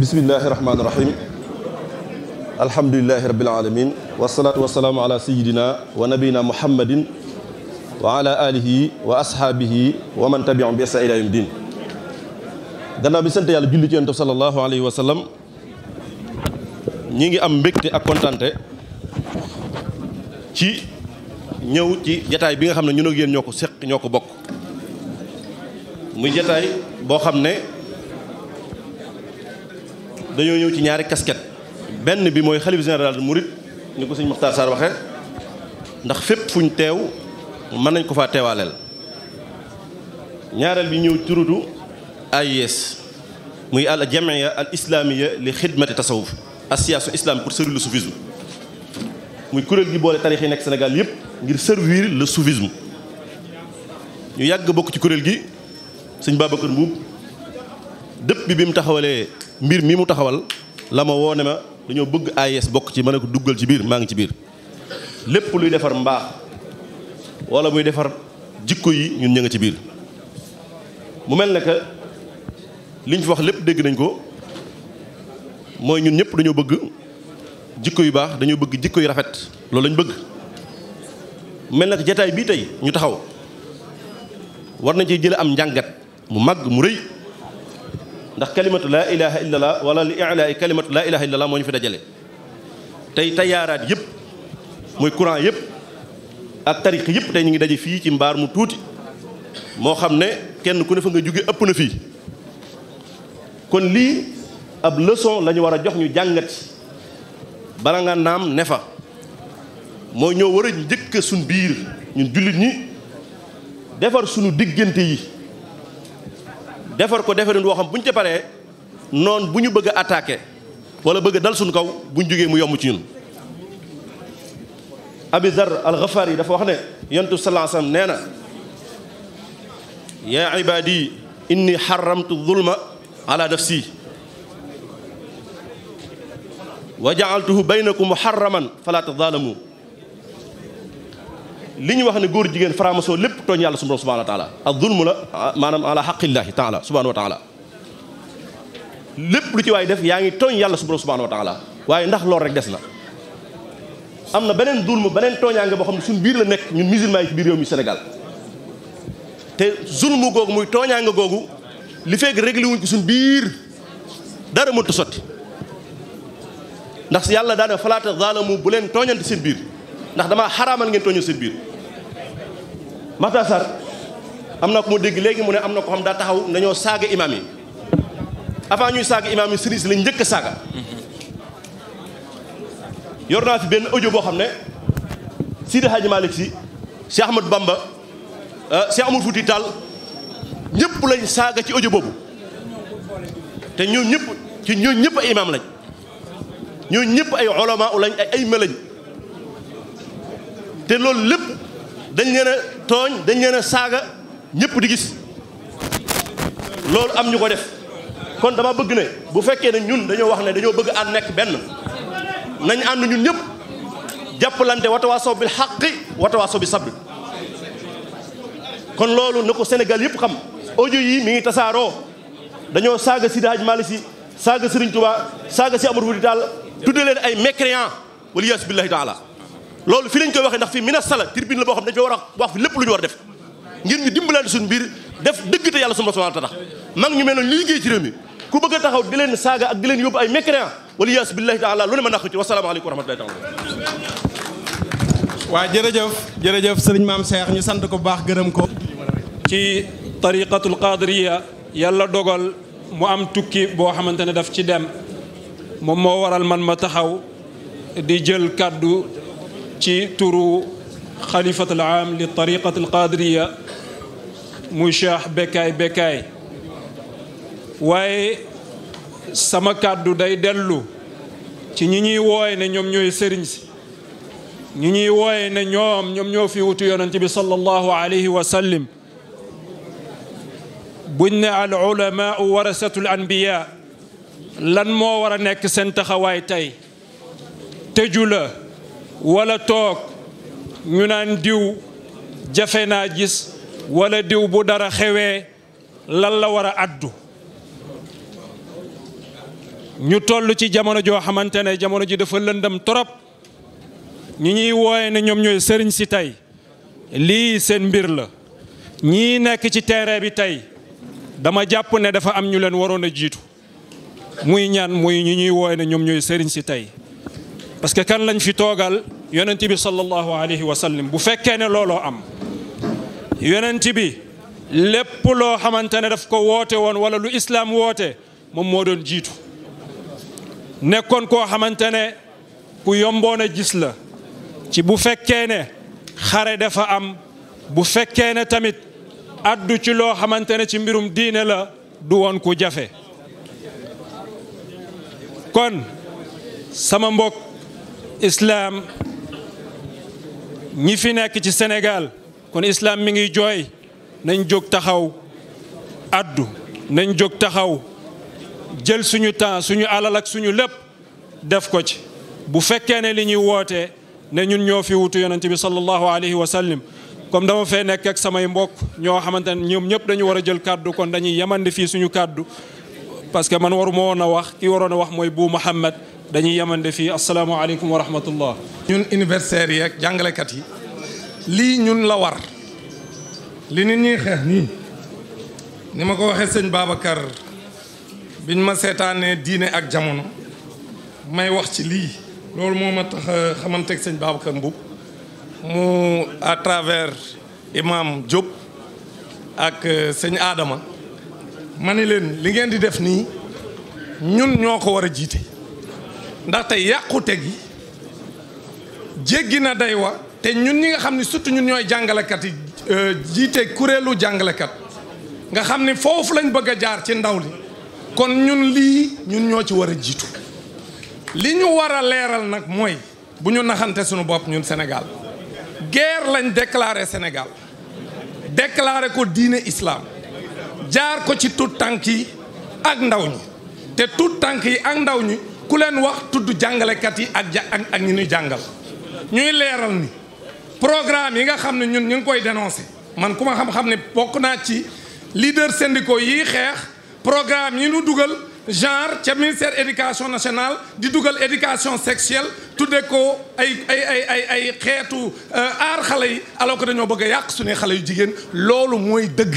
bismillahi rahmaani rahim alhamdulilahi rabbil alamin wasalaatu wasalaamu ala sayidina wa nabiyina muhammadin wa ala alihi wa ashaabihi wa man tabiam bi ihsaan ila din gannaaw bi sant yàlla julli ci yonent sallallahu wa sallam ñi ngi am mbégte ak kontante ci ñëw ci jataay bi nga xam ne ñu ak yéen ñoo ko séq ñoo ko bokk muy jataay boo xam ne dañoo ñëw ci ñaari kasket benn bi mooy xalif général de Mouride ni ko sëñ Mokhtar Sarr waxee ndax fépp fuñ teew mën nañ ko faa teewaaleel ñaareel bi ñëw turutu AIS muy al jamia al islamiya li xidmati tasawuf association islamique pour servir le soufisme muy kuréel gi boole tarix yi nekk Sénégal yëpp ngir servir le soufisme ñu yàgg bokk ci kuréel gi sëñ Babacar Mbuub dëpp bi bi mu taxawalee mbir mi mu taxawal la ma woo ma dañoo bëgg AIS bokk ci ma ne duggal ci biir maa ngi ci biir lépp luy defar mbaax wala muy defar jikko yi ñun ñu ci biir mu mel ne que liñ fi wax lépp dégg nañ ko mooy ñun ñëpp dañoo bëgg jikko yu baax dañoo bëgg jikko yu rafet loolu lañ bëgg mel na que jataay bii tey ñu taxaw war nañ ci jële am njàngat mu màgg mu rëy ndax kalimatu laa ilaha illallah wala kalimatu laa ilaha illallah moo ñu fi dajale tey tayaaraat yëpp muy courant yëpp ak tariq yëpp tey ñu ngi daje fii ci mbaar mu tuuti moo xam ne kenn ku ne fa nga jóge ëpp na fii kon lii ab leçon lañu war a jox ñu jàngat bala nga naam ne fa moo ñoo war a njëkk suñ biir ñun jullit ñi defar suñu diggante yi defar ko defarin woo xam bu ñu ca paree noon bu ñu bëgg a attaqué wala bëgg dal suñu kaw bu ñu jógee mu yomb ci ñun abi dar al dafa wax ne yontu salaa nee na yaa ibadi inni xaramtu zulma ala nafsi wa jaaltuhu baynakum muharraman fala tadaalamu li ñu wax ne góor jigéen faramasoo lépp tooñ yàlla sunu borom subhanahu wa taala ak zulmu la maanaam ala xaqillahi taala subhanahu wa taala lépp lu ci waay def yaa ngi tooñ yàlla sunu borom subhanahu waaye ndax loolu rek des na am na beneen zulmu beneen tooñaange boo xam ne suñ biir la nekk ñu musulman yi ci biir réew mi Sénégal te zulmu googu muy tooñaange googu li fekk réglé wuñ ko suñ biir dara mënut a sotti ndax yàlla daana falaata zaalamu bu leen tooñante seen biir ndax damaa xaraamal ngeen tooñal seen biir Matar am na ko mu dégg léegi mu ne am na ko xam daa taxaw dañoo saaga imaam yi avant ñuy saaga imaam yi lañ njëkk a saaga yor naa fi benn audio boo xam ne Sidi Hadji Malick si Cheikh Ahmadou Bamba ah, Cheikh Amadou fuuti Tall ñëpp lañ saaga ci audio boobu te ñoo ñëpp ci ñoo ñëpp ay imaam lañ ñoo ñëpp ay ulama lañ ay ay melañ te loolu lépp dañ leen a tooñ dañ leen a saaga ñëpp di gis loolu am ñu ko def kon dama bëgg ne bu fekkee ne ñun dañoo wax ne dañoo bëgg ànd nekk benn nañ ànd ñun ñëpp jàppalante watawaasaw bil xaqi watawaasaw bi sabr kon loolu na ko Sénégal yëpp xam audio yi mi ngi tasaaroo dañoo saaga Seydi Hadji Malick Sy si duñ Touba saaga si Amadou Fouti Tall tudde leen ay mécréant wala yaasu billahi taala loolu fi lañ koy waxee ndax fi mina sala tribune la boo xam ne dañu a wax fi lépp lu ñu war def ngir ñu dimbalante suñu biir def dëgg te yàlla suñu subhanahu wa taala ñu mel noonu liggéey ci réew mi ku bëgg a taxaw di leen saaga ak di leen yóbbu ay mécréant wala yaas billahi taala waa jërëjëf jërëjëf ma am Cheikh ñu sant ko bu baax gërëm ko ci tariqatul qadiriya yàlla dogal mu am tukki boo xamante ne daf ci dem moom moo waral man ma taxaw di jël kàddu ci turu xalifat al aam li tariqat al qadiriya muy cheikh bekaay bekkaay waaye sama kàddu day dellu ci ñi ñuy wooye ne ñoom ñooy sëriñ si ñuy wooye ne ñoom ñoom ñoo fi wutu yonent bi sallallahu alayhi wa sallam buñ ne al ulama warasatul lan moo war a nekk seen taxawaay tey tëju la wala toog ñu naan diw jafe naa gis walla diw bu dara xewee lan la war a àddu ñu toll ci jamono joo xamante ne jamono ji dafa lëndam torop ñu ñuy wooye ne ñoom ñooy sëriñ si tey lii seen mbir la ñii nekk ci terrain bi tey dama jàpp ne dafa am ñu leen waroon a jiitu muy ñaan muy ñu ñuy wooye ne ñoom ñooy sëriñ si tey parce que kan lañ fi toogal yonent bi sallallahu alayhi wa sallam bu fekkee ne looloo am yonent bi lépp loo xamante ne daf ko woote woon wala lu islaam woote moom moo doon jiitu nekkoon koo xamante ne ku yomboon a gis la ci bu fekkee ne xare dafa am bu fekkee ne tamit addu ci loo xamante ne ci mbirum diine la du woon ku jafe kon sama mbok islaam ñi fi nekk ci senegal kon islaam mi ngi jooy nañ jóg taxaw addu nañ jóg taxaw jël suñu temps suñu alal ak suñu lépp def ko ci bu fekkee ne li ñuy wootee ne ñun ñoo fi wutu yonent bi sallallahu alayhi wa sallam comme dama fee nekk ak samay mbokk ñoo xamante ne ñoom ñëpp dañu war a jël kàddu kon dañuy yemandi fii suñu kàddu parce que man waruma woon a wax ki waroon a wax mooy bu Muhammad dañuy yemande fii asalaamaaleykum wa rahmatullah ñun universitaires yi ak jàngalekat yi lii ñun la war li nit ñuy xeex nii ni ma ko waxee sëñ Babacar biñ ma seetaanee diine ak jamono may wax ci lii loolu moo ma tax xamanteeg sëñ Babacar Mboup mu à travers imam Diop ak euh, sëñ aadama ma ni leen li ngeen di def nii ñun ñoo ko war a jiite ndaxte yàqute gi jéggi na day wa te ñun ñi nga xam ne surtout ñun ñooy jàngalekat yi euh, jiite kuréelu jàngalekat nga xam ne foofu lañ bëgg a jaar ci ndaw li kon ñun lii ñun ñoo ci war a jiitu li ñu war a leeral nag mooy bu ñu naxante suñu bopp ñun Sénégal guerre lañ déclaré Sénégal déclaré ko diine islaam jaar ko ci tout tànk yi ak ndaw ñi te tout tànk yi ak ndaw ñi ku leen wax tudd jàngalekat yi ak ak ak ñi ñuy jàngal ñuy leeral ni programme yi nga xam ne ñun ñu ngi koy dénoncé man ku ma xam-xam ne bokk naa ci leader syndicaux yi xeex programme yi ñu dugal genre ca ministère éducation nationale di dugal éducation sexuelle tudde ko ay ay ay ay xeetu euh, aar xale yi alors que dañoo bëgg a yàq suñuy xale yu jigéen loolu mooy dëgg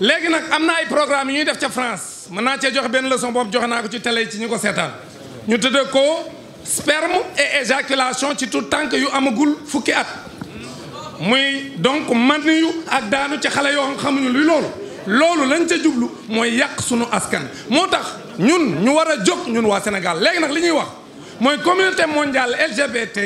léegi nag am na ay programme yu ñuy def ca France mën naa cee joxe benn leçon boobu joxe naa ko ci télé ci ñu ko seetaan ñu tëddee ko sperme et éjaculation ci tout tànk yu amagul fukki at muy donc man yu ak daanu ci xale yoon xamuñu luy loolu loolu lañ ca jublu mooy yàq sunu askan moo tax ñun ñu war a jóg ñun waa Sénégal léegi nag li ñuy wax mooy communauté mondiale LGBT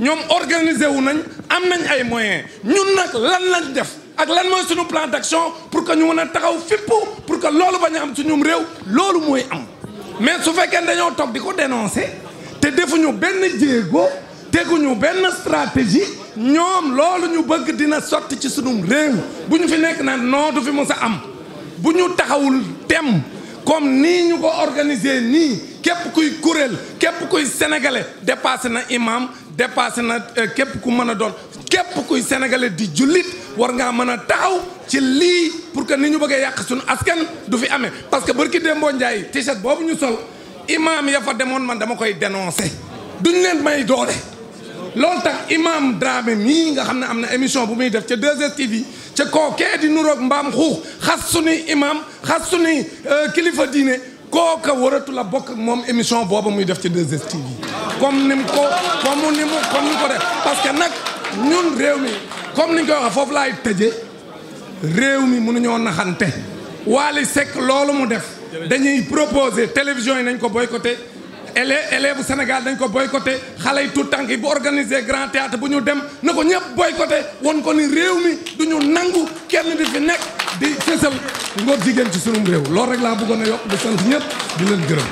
ñoom organiser wu nañ am nañ ay moyens ñun nag lan lañ def ak lan mooy suñu plan d'action pour que ñu mën a taxaw fippu pour que loolu bañ a am suñum réew loolu mooy am mais su fekkee dañoo toog di ko dénoncer te defuñu benn jéego teguñu benn stratégie ñoom loolu ñu bëgg dina sotti ci sunum réew bu ñu fi nekk na noo du fi mës a am bu ñu taxawul tem comme nii ñu ko organiser nii képp kuy kuréel képp kuy sénégalais dépassé na imam dépassé na euh, képp ku mën a doon képp kuy sénégalais di jullit war ngaa mën a taxaw ci lii pour que ni ñu bëggee yàq suñu askan du fi amee parce que barki Dembo Ndiaye t-shirt boobu ñu sol imaam ya demoon man dama koy dénoncer duñ leen may doole. loolu tax imam Dramé mii nga xam ne am na émission bu muy def ca 2STV ca kookee di nuroog mbaam xuux xas suñuy imaam xas suñuy euh, kilifa diine kooka waratu la bokk moom émission booba muy def ci 2 comme ni ko comme ni ko def parce que nag. ñun réew mi comme niñ ko koy foofu laay tëje réew mi mënuñoo naxante Wally Seck loolu mu def dañuy proposer télévision yi nañ ko boycotté élèves élèves Sénégal dañ ko boycotté xale yi tout tànk yi bu organisé grand théâtre bu ñu dem na ko ñëpp boycotté won ko ni réew mi du ñu nangu kenn di fi nekk di sësal ngóor jigéen ci sunum réew loolu rek laa bëggoon a yokk di sant ñëpp di leen gërëm